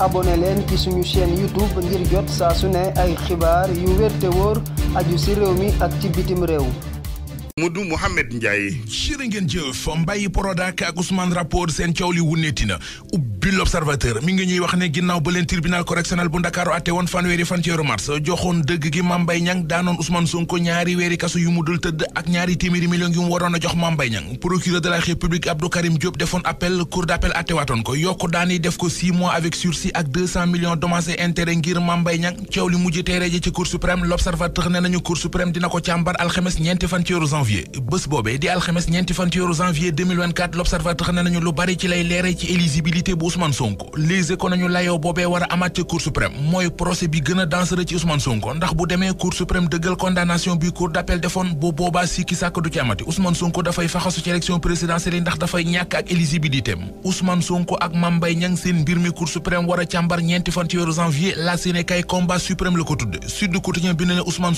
abonné leen ci suñu chaîne YouTube ngir jot saa su ne ay xibaar yu wér te wóor aju ci réew mi ak ci bitim réew. Modou Mouhamed Ndiaye. jërë ngeen jëf Mbaye Prodac ak Ousmane rapport seen coow li wuneeti na. ubbi l'observateur bu ndakaaru atte woon fanweeri fan mars joxoon dëgg gi Mame Mbaye Niang daanoon Ousmane Sonko ñaari weeri kaso yu mu dul tëdd ak ñaari téeméeri million yu mu waroon jox Mame Mbaye procureur de la république Abdou Karim defoon appel cour d'appel atte waatoon ko yokku daani def ko mois avec sursis ak deux cent millions ngir Mame Mbaye coow li mujj teere ci cour suprême l'observateur ne nañu cour suprême dina ko càmbar alxames ñeenti fan Ousmane Sonko nañu layoo boobee war amaat ca cour suprême mooy procès bi gën a ci Ousmane Sonko ndax bu demee cour suprême dëggal condamnation bi cour d'appel defoon bu boobaa sikki sàkk du ci amati Ousmane Sonko dafay faxasu ci élection présidentielle yi ndax dafay ñàkk ak éligibilité Ousmane Sonko ak Mame Mbaye seen mbir mi cour suprême war càmbar ñeenti fan janvier la seene kay combat suprême la ko tudde Sud Quotidien bi ne Ousmane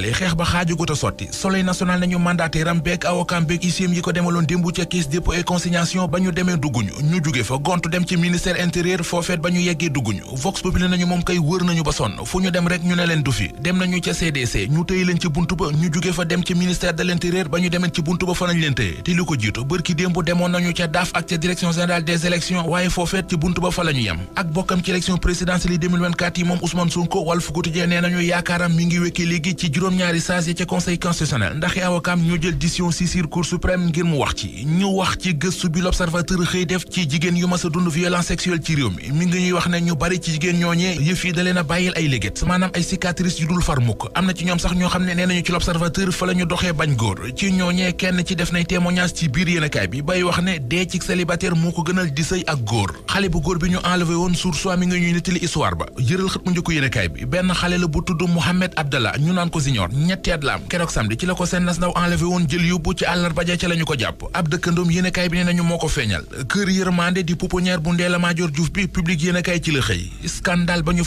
nationale xeex ba xaajugut a sotti soleil national nañu mandataire am beeg awokam beeg yi ko demaloon démbu ca caisse dépôt et consignation ba ñu demee dugguñu ñu jóge fa gont dem ci ministère intérieur foofeet ba ñu yeggee dugguñu vox populi nañu moom kay wër nañu ba sonn fu ñu dem rek ñu ne leen du fi dem nañu ca CDC ñu tëye leen ci buntu ba ñu jóge fa dem ci ministère de l'intérieur ba ñu demeen ci buntu ba fa nañ leen tëye te li ko jiitu bërki démbu demoon juróom-ñaari sages ñu jël décision ci sur cour suprême ngir mu wax ci ñu wax ci gëstu bi l'observateur xëy def ci jigéen yu mas a dund violence sexuelle ci réew mi mi ngi ñuy wax ne ñu bari ci jigéen ñooñee yëf yi bàyyil ay léget maanaam ay cicatrices yu dul far mukk am na ci ñoom sax ñoo xam ne nee nañu ci l'observateur fa la ñu doxee bañ góor ci ñooñee kenn ci def nay témoignage ci biir yéenekaay bi bay wax ne dee ci célibataire moo ko gënal di sëy ak góor xale bu góor bi ñu enlevé woon sur soi mi nga Junior ñetti at la am keroog samedi ci la ko seen nas ndaw woon jël yóbbu ci àllarba ca la ko jàpp ab dëkkandoom yéenekaay bi ne nañu moo ko feeñal kër yërmande di pouponnière bu Ndella Madior bi public yéenekaay ci ba ñu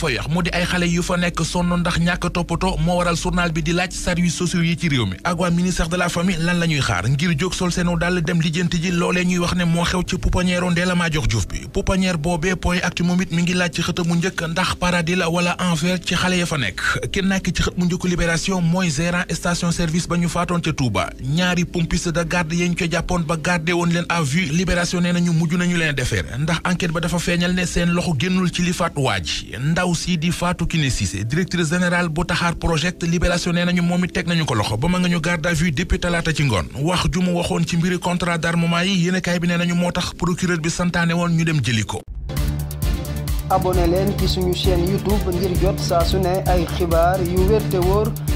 ay xale yu fa nekk sonn ndax ñàkk toppatoo moo waral journal bi di laaj services sociaux yi ak waa la famille lan la ñuy xaar ngir jóg sol seenu wax ne moo xew ci pouponnière Ndella Madior Diouf bi pouponnière boobee point actu moom it mi ngi laaj ci xët mu njëkk ndax paradis la enfer ci xale ya fa nekk ki nekk ci xët mu njëkk libération Constitution mooy gérant station service ba ñu faatoon ca Touba ñaari pompiste de garde yañ ko jàppoon ba gardé woon leen à vue libération nee nañu mujj nañu leen defeer ndax enquête ba dafa feeñal ne seen loxo génnul ci li faat waaj ndaw si di Fatou Kiné Cissé directrice générale bu Taxaar Project libération nee nañu moom it teg nañu ko loxo ba ma nga ñu garde à vue depuis talaata ci ngoon wax ju mu waxoon ci mbiri contrat d'armement yi yéenekaay bi nee nañu moo tax procureur